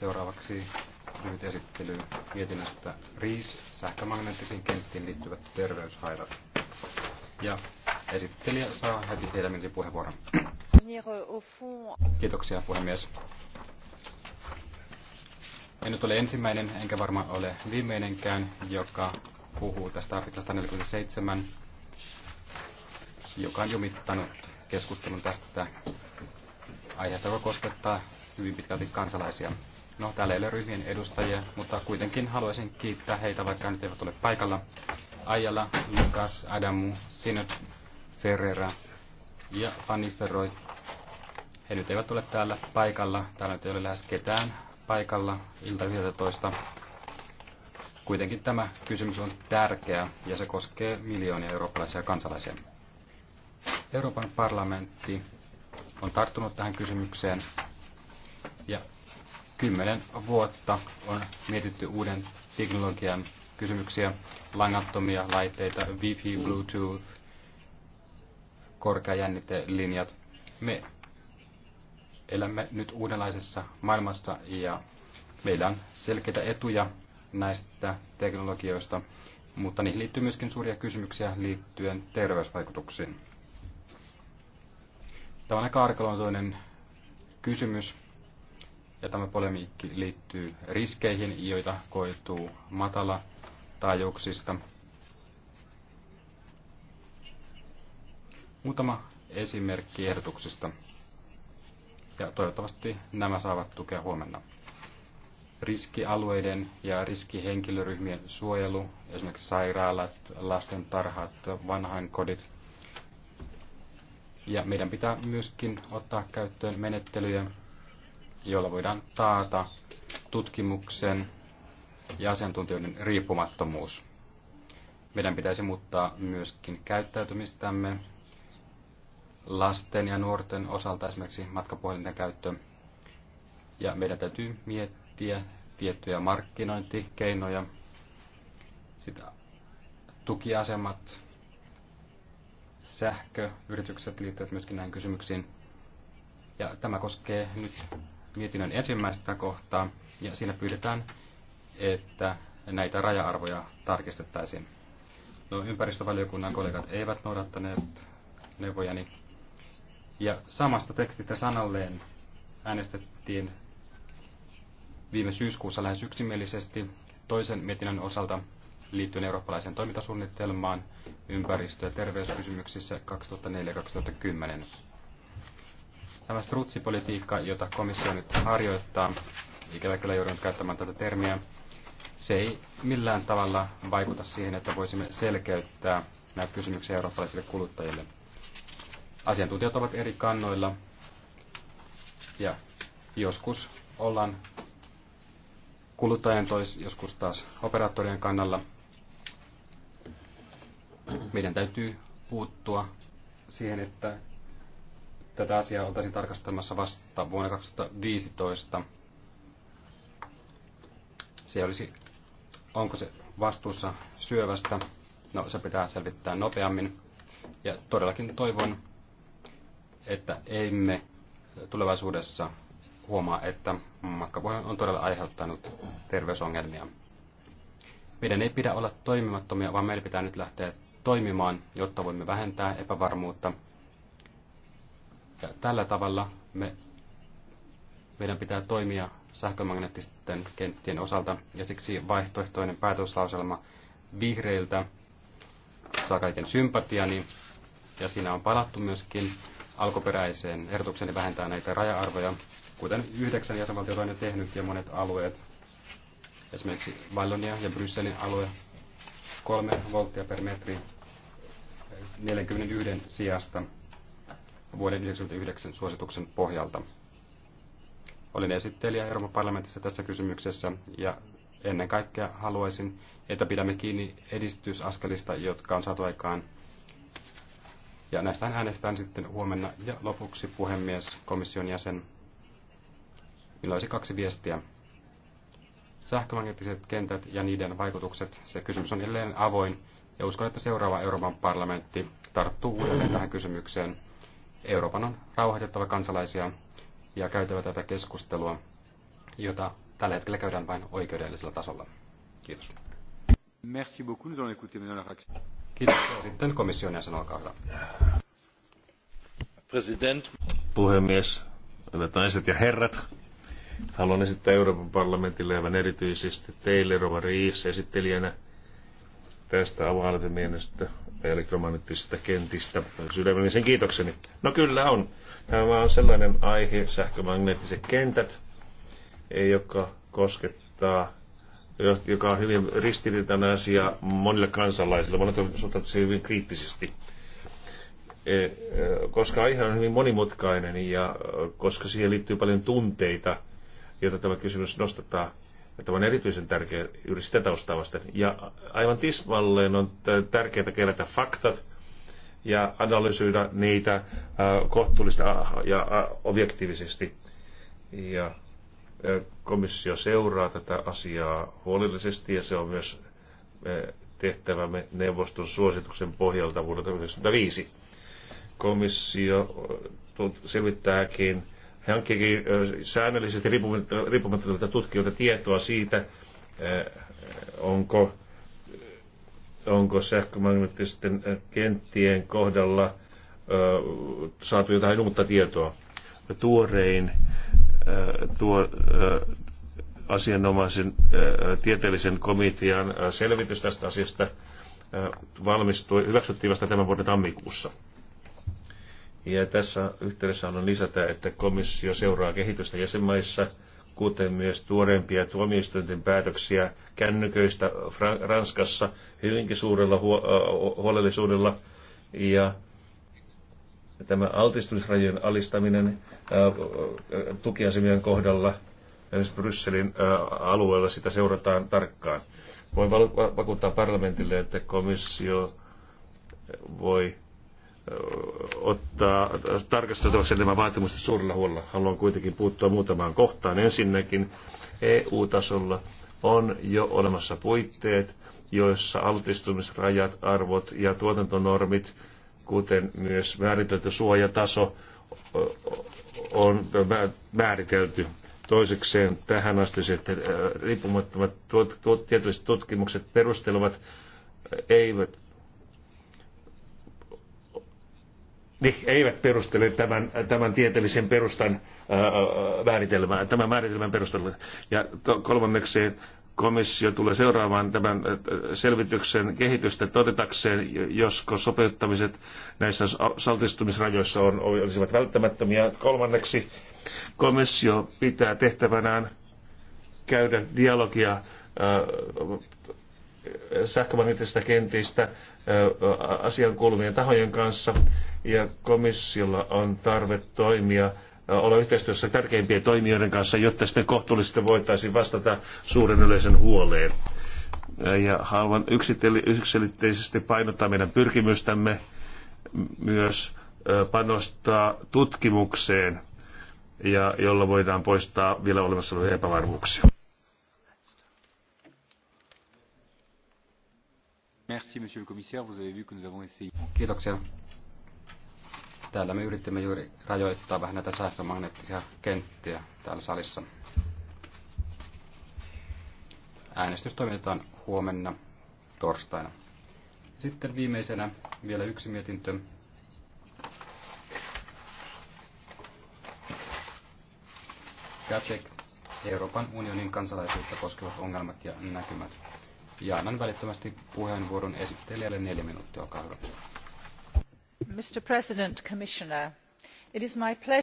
Seuraavaksi lyhyt esittely mietinnöstä RIIS, sähkömagneettisiin kenttiin liittyvät terveyshaitat. Ja esittelijä saa heti Helmintin puheenvuoron. Kiitoksia puhemies. En nyt ole ensimmäinen, enkä varmaan ole viimeinenkään, joka puhuu tästä artiklasta 47, joka on jumittanut keskustelun tästä aiheesta, joka koskettaa hyvin pitkälti kansalaisia. No, täällä ei ole ryhmien edustajia, mutta kuitenkin haluaisin kiittää heitä, vaikka nyt eivät ole paikalla. Ajala, Lukas, Adamu, Sinut, Ferrera ja Fannisteroi. He nyt eivät ole täällä paikalla. Täällä nyt ei ole lähes ketään paikalla ilta 11. Kuitenkin tämä kysymys on tärkeä ja se koskee miljoonia eurooppalaisia kansalaisia. Euroopan parlamentti on tarttunut tähän kysymykseen ja Kymmenen vuotta on mietitty uuden teknologian kysymyksiä, langattomia laitteita, Wi-Fi, Bluetooth, korkeajännitelinjat. Me elämme nyt uudenlaisessa maailmassa ja meillä on selkeitä etuja näistä teknologioista, mutta niihin liittyy myöskin suuria kysymyksiä liittyen terveysvaikutuksiin. Tämä on aika arkaluontoinen kysymys, ja tämä polemiikki liittyy riskeihin, joita koituu matala taajuuksista. Muutama esimerkki ehdotuksista. Ja toivottavasti nämä saavat tukea huomenna. Riskialueiden ja riskihenkilöryhmien suojelu, esimerkiksi sairaalat, lastentarhat, vanhainkodit. Ja meidän pitää myöskin ottaa käyttöön menettelyjä, jolla voidaan taata tutkimuksen ja asiantuntijoiden riippumattomuus. Meidän pitäisi muuttaa myöskin käyttäytymistämme lasten ja nuorten osalta esimerkiksi matkapuhelinten käyttö. Ja meidän täytyy miettiä tiettyjä markkinointikeinoja, sitä tukiasemat, sähköyritykset liittyvät myöskin näihin kysymyksiin. Ja tämä koskee nyt mietinnön ensimmäistä kohtaa ja siinä pyydetään, että näitä raja-arvoja tarkistettaisiin. No, ympäristövaliokunnan kollegat eivät noudattaneet neuvojani. Ja samasta tekstistä sanalleen äänestettiin viime syyskuussa lähes yksimielisesti toisen mietinnön osalta liittyen eurooppalaiseen toimintasuunnitelmaan ympäristö- ja terveyskysymyksissä 2004-2010. Tämä strutsipolitiikka, jota komissio nyt harjoittaa, ikävä kyllä joudun käyttämään tätä termiä, se ei millään tavalla vaikuta siihen, että voisimme selkeyttää näitä kysymyksiä eurooppalaisille kuluttajille. Asiantuntijat ovat eri kannoilla ja joskus ollaan kuluttajan tois, joskus taas operaattorien kannalla. Meidän täytyy puuttua siihen, että tätä asiaa oltaisiin tarkastamassa vasta vuonna 2015. Se olisi, onko se vastuussa syövästä, no se pitää selvittää nopeammin. Ja todellakin toivon, että emme tulevaisuudessa huomaa, että matkapuhelin on todella aiheuttanut terveysongelmia. Meidän ei pidä olla toimimattomia, vaan meidän pitää nyt lähteä toimimaan, jotta voimme vähentää epävarmuutta ja tällä tavalla me, meidän pitää toimia sähkömagneettisten kenttien osalta, ja siksi vaihtoehtoinen päätöslauselma vihreiltä saa kaiken sympatiani, ja siinä on palattu myöskin alkuperäiseen ehdotukseni vähentää näitä raja-arvoja, kuten yhdeksän jäsenvaltiota on jo tehnyt ja monet alueet, esimerkiksi Vallonia ja Brysselin alue, kolme volttia per metri 41 sijasta vuoden 1999 suosituksen pohjalta. Olin esittelijä Euroopan parlamentissa tässä kysymyksessä ja ennen kaikkea haluaisin, että pidämme kiinni edistysaskelista, jotka on saatu aikaan. Ja näistä äänestetään sitten huomenna. Ja lopuksi puhemies, komission jäsen. Meillä olisi kaksi viestiä. Sähkömagneettiset kentät ja niiden vaikutukset. Se kysymys on edelleen avoin. Ja uskon, että seuraava Euroopan parlamentti tarttuu uudelleen tähän kysymykseen Euroopan on rauhoitettava kansalaisia ja käytävä tätä keskustelua, jota tällä hetkellä käydään vain oikeudellisella tasolla. Kiitos. Merci beaucoup. Nous allons écouter Madame la Kiitos. Ja sitten komission jäsen, olkaa hyvä. President. Puhemies, hyvät naiset ja herrat. Haluan esittää Euroopan parlamentille aivan erityisesti teille, Rova Riis, esittelijänä tästä avautumienestä elektromagneettisista kentistä. Sydämellisen kiitokseni. No kyllä on. Tämä on sellainen aihe, sähkömagneettiset kentät, joka koskettaa joka on hyvin ristiriitainen asia monille kansalaisille. Monet ovat se hyvin kriittisesti, e, e, koska aihe on hyvin monimutkainen ja koska siihen liittyy paljon tunteita, joita tämä kysymys nostetaan Tämä on erityisen tärkeä juuri sitä taustaa vasten. Ja aivan tismalleen on tärkeää kerätä faktat ja analysoida niitä äh, kohtuullista ja objektiivisesti. Ja äh, komissio seuraa tätä asiaa huolellisesti ja se on myös äh, tehtävämme neuvoston suosituksen pohjalta vuodelta 1995. Komissio selvittääkin hankkikin säännöllisesti riippumattomilta tutkijoilta tietoa siitä, onko, onko sähkömagneettisten kenttien kohdalla saatu jotain uutta tietoa. Tuorein tuo, asianomaisen tieteellisen komitean selvitys tästä asiasta valmistui, hyväksyttiin vasta tämän vuoden tammikuussa. Ja tässä yhteydessä haluan lisätä, että komissio seuraa kehitystä jäsenmaissa, kuten myös tuoreempia tuomioistuinten päätöksiä kännyköistä Ranskassa hyvinkin suurella huolellisuudella. Ja tämä altistumisrajojen alistaminen tukiasemien kohdalla esimerkiksi Brysselin alueella sitä seurataan tarkkaan. Voin vakuuttaa parlamentille, että komissio voi ottaa tarkasteltavaksi nämä vaatimukset suurella huolella. Haluan kuitenkin puuttua muutamaan kohtaan. Ensinnäkin EU-tasolla on jo olemassa puitteet, joissa altistumisrajat, arvot ja tuotantonormit, kuten myös määritelty suojataso, on määritelty. Toisekseen tähän asti riippumattomat tieteelliset tutkimukset perustelevat eivät ne eivät perustele tämän, tämän tieteellisen perustan äh, äh, määritelmää, tämän määritelmän perustelua. Ja to, kolmanneksi komissio tulee seuraamaan tämän äh, selvityksen kehitystä todetakseen, josko sopeuttamiset näissä saltistumisrajoissa on, olisivat välttämättömiä. Kolmanneksi komissio pitää tehtävänään käydä dialogia sähkömagneettisista kentistä asian kuuluvien tahojen kanssa ja komissiolla on tarve toimia olla yhteistyössä tärkeimpien toimijoiden kanssa, jotta sitten kohtuullisesti voitaisiin vastata suuren yleisön huoleen. Ja haluan yksiselitteisesti painottaa meidän pyrkimystämme myös panostaa tutkimukseen, ja jolla voidaan poistaa vielä olemassa olevia epävarmuuksia. Merci, monsieur le commissaire. Vous avez vu que nous avons essayé. Kiitoksia. Täällä me yritimme juuri rajoittaa vähän näitä sähkömagneettisia kenttiä täällä salissa. Äänestys toimitetaan huomenna torstaina. Sitten viimeisenä vielä yksi mietintö. Gacek, Euroopan unionin kansalaisuutta koskevat ongelmat ja näkymät. Ja annan välittömästi puheenvuoron esittelijälle neljä minuuttia, olkaa hyvä. Mr. President, Commissioner, it is my pleasure